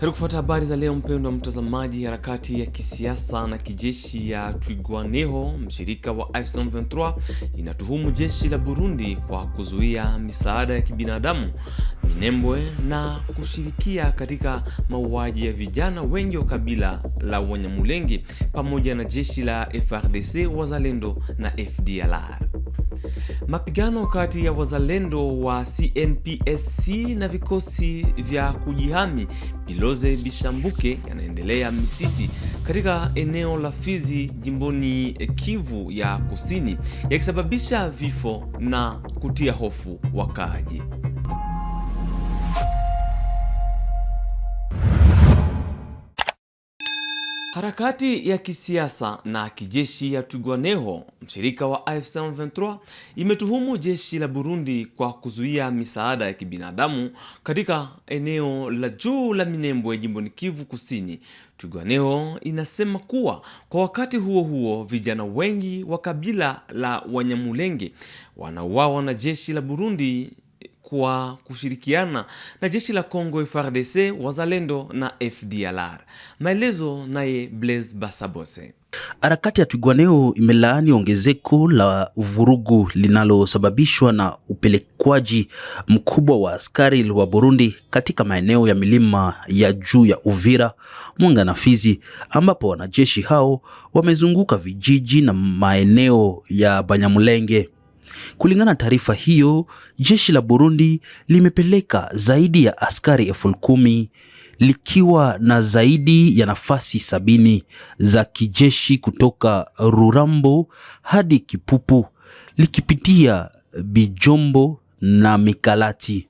Karibu kufuata habari za leo, mpendwa mtazamaji. Harakati ya kisiasa na kijeshi ya Twigwaneho, mshirika wa M23, inatuhumu jeshi la Burundi kwa kuzuia misaada ya kibinadamu Minembwe na kushirikia katika mauaji ya vijana wengi wa kabila la Wanyamulenge pamoja na jeshi la frdc Wazalendo na FDLR. Mapigano kati ya wazalendo wa CNPSC na vikosi vya kujihami Biloze Bishambuke yanaendelea Misisi katika eneo la Fizi jimboni Kivu ya Kusini, yakisababisha vifo na kutia hofu wakaaji. Harakati ya kisiasa na kijeshi ya Twirwaneho, mshirika wa AFC/M23, imetuhumu jeshi la Burundi kwa kuzuia misaada ya kibinadamu katika eneo la juu la Minembwe jimboni Kivu Kusini. Twirwaneho inasema kuwa kwa wakati huo huo, vijana wengi wa kabila la Wanyamulenge wanauawa na jeshi la Burundi kwa kushirikiana na jeshi la Congo frdc wazalendo na FDLR. Maelezo naye Blaise Basabose. Harakati ya Twigwaneo imelaani ongezeko la vurugu linalosababishwa na upelekwaji mkubwa wa askari wa Burundi katika maeneo ya milima ya juu ya Uvira, Mwanga na Fizi, ambapo wanajeshi hao wamezunguka vijiji na maeneo ya Banyamulenge. Kulingana na taarifa hiyo, jeshi la Burundi limepeleka zaidi ya askari elfu kumi likiwa na zaidi ya nafasi sabini za kijeshi kutoka Rurambo hadi Kipupu likipitia Bijombo na Mikalati.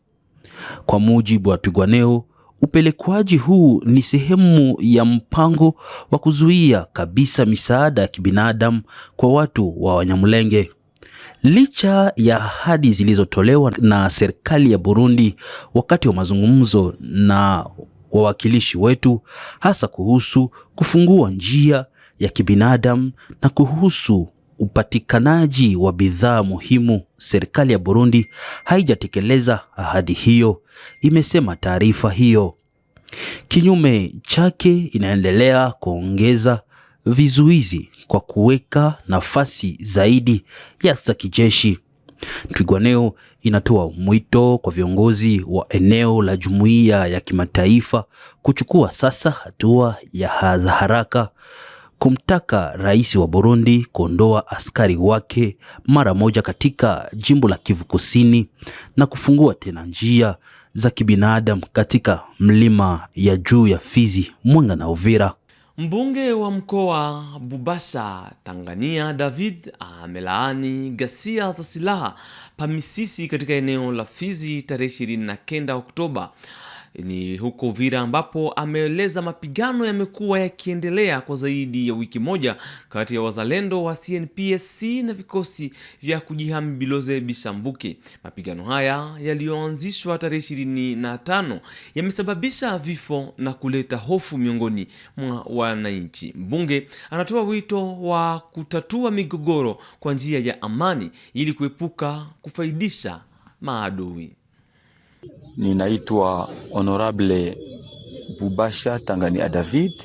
Kwa mujibu wa Twigwaneo, upelekwaji huu ni sehemu ya mpango wa kuzuia kabisa misaada ya kibinadamu kwa watu wa Wanyamulenge. Licha ya ahadi zilizotolewa na serikali ya Burundi wakati wa mazungumzo na wawakilishi wetu, hasa kuhusu kufungua njia ya kibinadamu na kuhusu upatikanaji wa bidhaa muhimu, serikali ya Burundi haijatekeleza ahadi hiyo, imesema taarifa hiyo. Kinyume chake, inaendelea kuongeza vizuizi kwa kuweka nafasi zaidi ya za kijeshi. Twigwaneo inatoa mwito kwa viongozi wa eneo la jumuiya ya kimataifa kuchukua sasa hatua ya haraka kumtaka rais wa Burundi kuondoa askari wake mara moja katika jimbo la Kivu Kusini na kufungua tena njia za kibinadamu katika mlima ya juu ya Fizi, Mwenga na Uvira. Mbunge wa mkoa Bubasha, Tanzania, David amelaani ghasia za silaha pa misisi katika eneo la Fizi tarehe 29 Oktoba ni huko vira ambapo ameeleza mapigano yamekuwa yakiendelea kwa zaidi ya wiki moja kati ya wazalendo wa CNPSC na vikosi vya kujihami Biloze Bishambuke. Mapigano haya yaliyoanzishwa tarehe ishirini na tano yamesababisha vifo na kuleta hofu miongoni mwa wananchi. Mbunge anatoa wito wa kutatua migogoro kwa njia ya amani ili kuepuka kufaidisha maadui. Ninaitwa Honorable Bubasha Tangania David,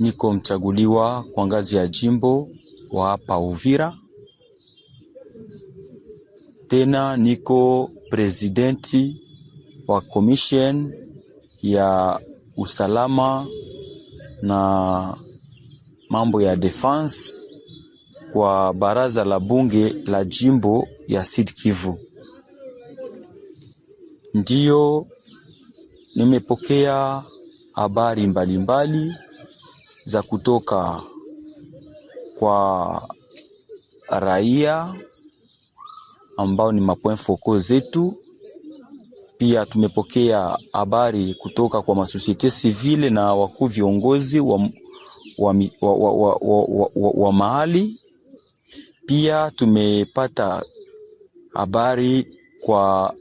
niko mchaguliwa kwa ngazi ya jimbo wa hapa Uvira, tena niko presidenti wa commission ya usalama na mambo ya defense kwa baraza la bunge la jimbo ya Sud Kivu ndio nimepokea habari mbalimbali za kutoka kwa raia ambao ni mapoint foko zetu. Pia tumepokea habari kutoka kwa masosiete sivile na wakuu viongozi wa, wa, wa, wa, wa, wa, wa, wa mahali. Pia tumepata habari kwa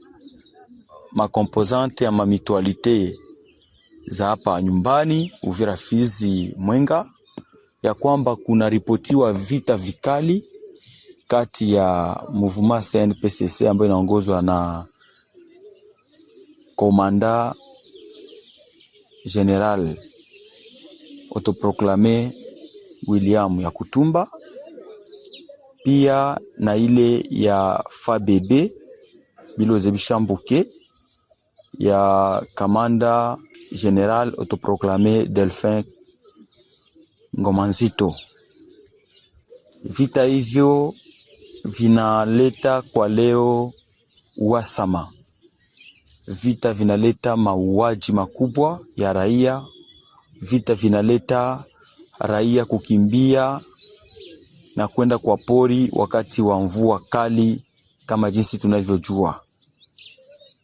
makomposante ya mamitualite za hapa nyumbani Uvira, Fizi, Mwenga ya kwamba kunaripotiwa vita vikali kati ya Mouvement cnpcc ambayo inaongozwa na komanda general autoproclame William ya Kutumba, pia na ile ya Fabebe biloze bishambuke ya kamanda general autoproclame Delphin Ngoma Nzito. Vita hivyo vinaleta kwa leo uhasama, vita vinaleta mauaji makubwa ya raia, vita vinaleta raia kukimbia na kwenda kwa pori wakati wa mvua kali kama jinsi tunavyojua.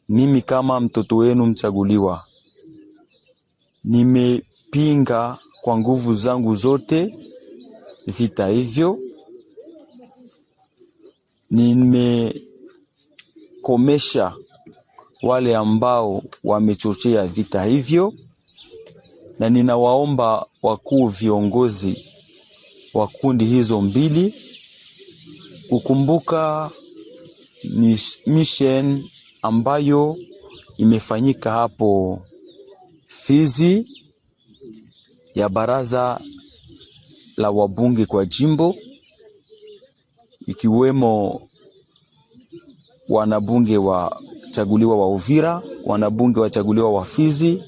Mimi kama mtoto wenu mchaguliwa, nimepinga kwa nguvu zangu zote vita hivyo, nimekomesha wale ambao wamechochea vita hivyo, na ninawaomba wakuu viongozi wa kundi hizo mbili kukumbuka ni mission ambayo imefanyika hapo Fizi ya baraza la wabunge kwa jimbo, ikiwemo wanabunge wachaguliwa wa Uvira, wanabunge wachaguliwa wa Fizi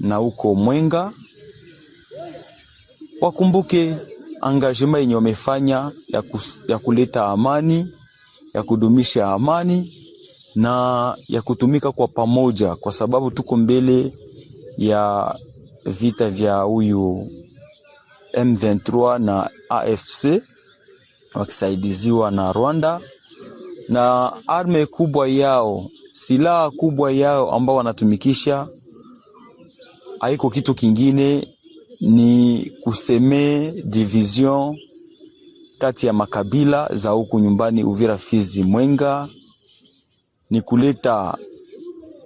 na huko Mwenga. Wakumbuke angajima yenye wamefanya ya, ya kuleta amani ya kudumisha amani na ya kutumika kwa pamoja, kwa sababu tuko mbele ya vita vya huyu M23 na AFC wakisaidiziwa na Rwanda na arme kubwa yao, silaha kubwa yao ambao wanatumikisha haiko kitu kingine, ni kuseme division kati ya makabila za huku nyumbani Uvira, Fizi, Mwenga ni kuleta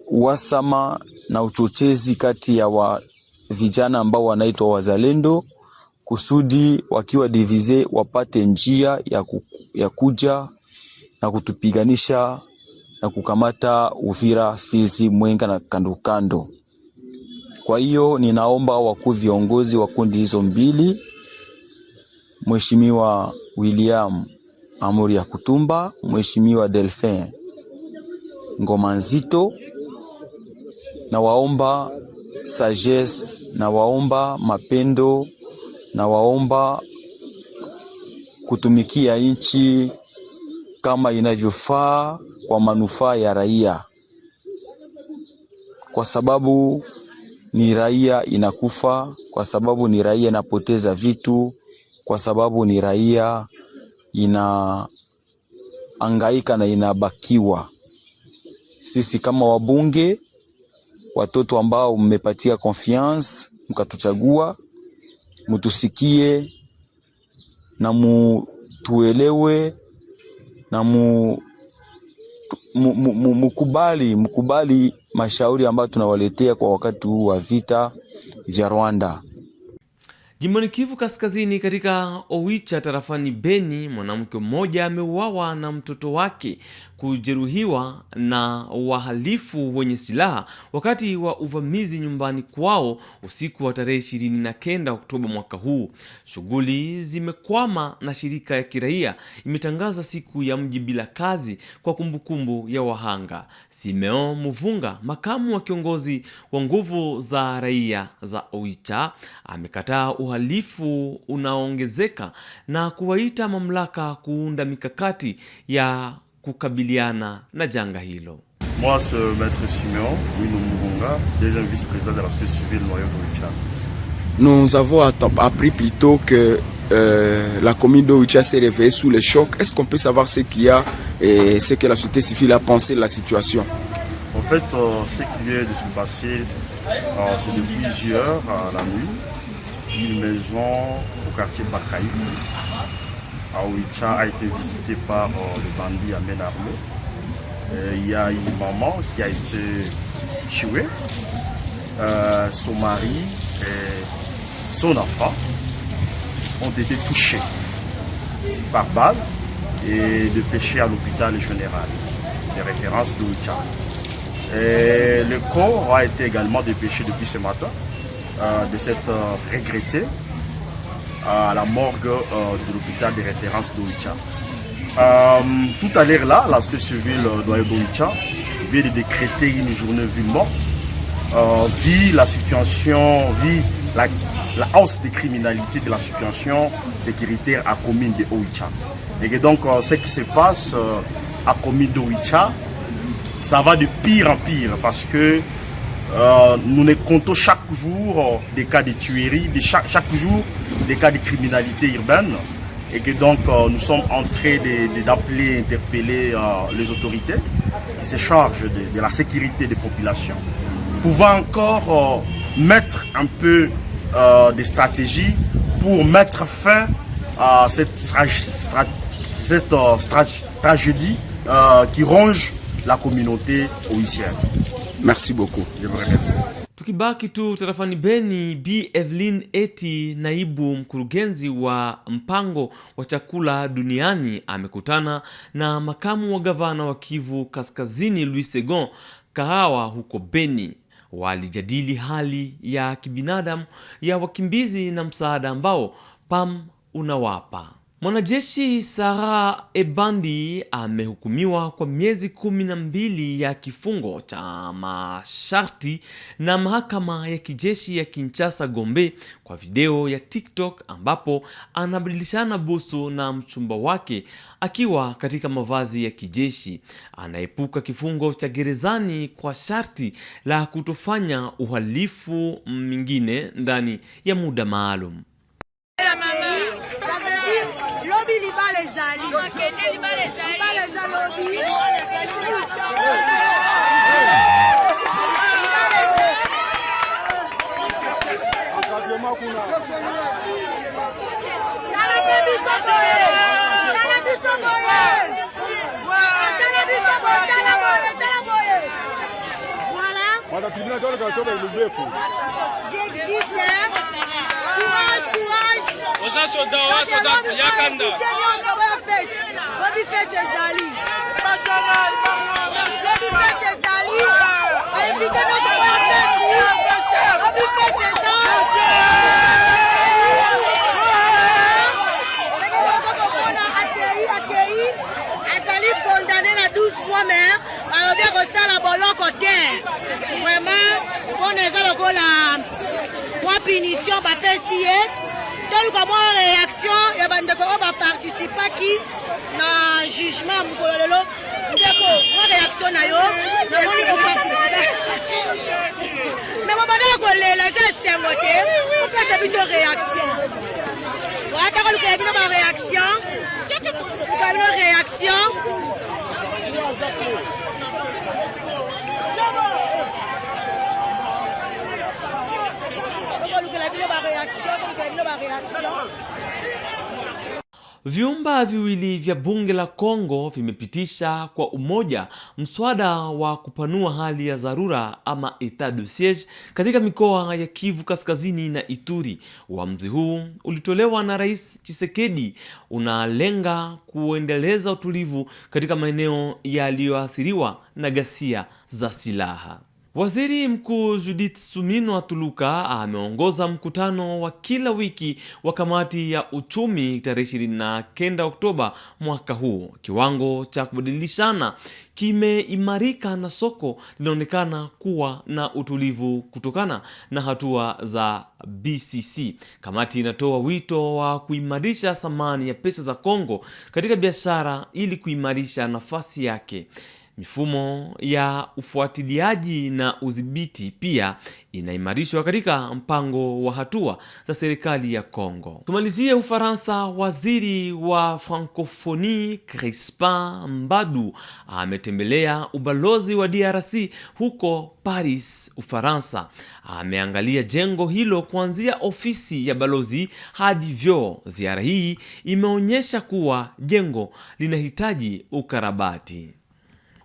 uhasama na uchochezi kati ya wa vijana ambao wanaitwa wazalendo kusudi wakiwa divize wapate njia ya, ku, ya kuja na kutupiganisha na kukamata Uvira, Fizi, Mwenga na kandokando. Kwa hiyo ninaomba wakuu viongozi wa kundi hizo mbili Mheshimiwa William Amuri ya Kutumba, Mheshimiwa Delphin Ngoma Nzito, na waomba sagesse, na waomba mapendo, na waomba kutumikia nchi kama inavyofaa kwa manufaa ya raia, kwa sababu ni raia inakufa, kwa sababu ni raia inapoteza vitu kwa sababu ni raia inaangaika na inabakiwa. Sisi kama wabunge, watoto ambao mmepatia confiance, mkatuchagua, mutusikie na mutuelewe na mu, mkubali mkubali mashauri ambayo tunawaletea kwa wakati huu wa vita vya Rwanda. Jimboni Kivu Kaskazini, katika Owicha tarafani Beni, mwanamke mmoja ameuawa na mtoto wake kujeruhiwa na wahalifu wenye silaha wakati wa uvamizi nyumbani kwao usiku wa tarehe ishirini na kenda Oktoba mwaka huu. Shughuli zimekwama na shirika ya kiraia imetangaza siku ya mji bila kazi kwa kumbukumbu ya wahanga. Simeo Muvunga, makamu wa kiongozi wa nguvu za raia za Oicha, amekataa uhalifu unaoongezeka na kuwaita mamlaka kuunda mikakati ya kukabiliana na hilo. Moi, ce maître Simeon Wino Mugunga, déjà vice-président de la société civile de d'Oicha. Nous avons appris plutôt que euh, la commune d'Oicha s'est réveillée sous le choc. Est-ce qu'on peut savoir ce qu'il y a et ce que la société civile a pensé de la situation En fait, euh, ce qui vient de se passer, euh, c'est depuis plusieurs à la nuit, une maison au quartier Bakaï Aouicha a été visité par euh, le bandit Ahmed Armé. Euh, il y a une maman qui a été tuée. Euh, son mari et son enfant ont été touchés par balle et dépêchés à l'hôpital général de référence et Le corps a été également dépêché depuis ce matin de cette regretté. regrettée à la morgue euh, de l'hôpital de référence Euh, tout à l'heure là, la société civile euh, d'Oïcha vient de décréter une journée vue morte, euh, vit la situation, vit la, hausse de criminalité de la situation sécuritaire à commune de Et donc, ce qui se passe à commune de ça va de pire en pire parce que nous ne comptons chaque jour des cas de tueries, de chaque, chaque jour des cas de criminalité urbaine et que donc euh, nous sommes entrés train d'appeler, interpeller euh, les autorités qui se chargent de, la sécurité des populations, pouvant encore euh, mettre un peu des stratégies pour mettre fin à cette, cette tragédie qui ronge la communauté haïtienne. Merci beaucoup. Je vous remercie. Tukibaki tu tarafani Beni, b Evelyn Eti, naibu mkurugenzi wa mpango wa chakula duniani, amekutana na makamu wa gavana wa Kivu Kaskazini Louis Segon Kahawa huko Beni. Walijadili hali ya kibinadamu ya wakimbizi na msaada ambao PAM unawapa. Mwanajeshi sara Ebandi amehukumiwa kwa miezi kumi na mbili ya kifungo cha masharti na mahakama ya kijeshi ya Kinshasa Gombe kwa video ya TikTok ambapo anabadilishana busu na mchumba wake akiwa katika mavazi ya kijeshi. Anaepuka kifungo cha gerezani kwa sharti la kutofanya uhalifu mwingine ndani ya muda maalum. Madame Tribuna, olha que eu estou bem, J'existe, Courage, courage. Oza soda, oza soda, ya kanda. Body fete ezali. Body fete ezali. Evite nos oza fete. ali fete ezali. moi ali lokola mwa punition bapesi ye toluka mwa réaction ya bandeko oyo baparticipaki na jugement ya mokolo lelo ndeko mwa réaction na yo namoni oparticipa me mobandaka kolela eza esengo te opesa biso réaction watako luka ya bino baréaction luka bino réaction Vyumba viwili vya bunge la Kongo vimepitisha kwa umoja mswada wa kupanua hali ya dharura ama etat de siege katika mikoa ya Kivu Kaskazini na Ituri. Uamuzi huu ulitolewa na Rais Tshisekedi unalenga kuendeleza utulivu katika maeneo yaliyoathiriwa na ghasia za silaha. Waziri Mkuu Judith Suminwa Tuluka ameongoza mkutano wa kila wiki wa kamati ya uchumi tarehe 29 Oktoba mwaka huu. Kiwango cha kubadilishana kimeimarika na soko linaonekana kuwa na utulivu kutokana na hatua za BCC. Kamati inatoa wito wa kuimarisha thamani ya pesa za Kongo katika biashara ili kuimarisha nafasi yake. Mifumo ya ufuatiliaji na udhibiti pia inaimarishwa katika mpango wa hatua za serikali ya Kongo. Tumalizie Ufaransa. Waziri wa Francophonie Crispin Mbadu ametembelea ubalozi wa DRC huko Paris, Ufaransa. Ameangalia jengo hilo kuanzia ofisi ya balozi hadi vyoo. Ziara hii imeonyesha kuwa jengo linahitaji ukarabati.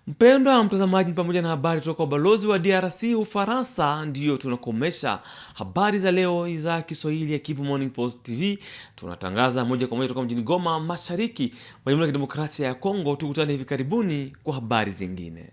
Mpendwa mtazamaji, pamoja na habari kutoka ubalozi wa DRC Ufaransa, ndiyo tunakomesha habari za leo za Kiswahili ya Kivu Morning Post TV. Tunatangaza moja kwa moja kutoka mjini Goma, mashariki mwa Jamhuri ya Kidemokrasia ya Kongo. Tukutane hivi karibuni kwa habari zingine.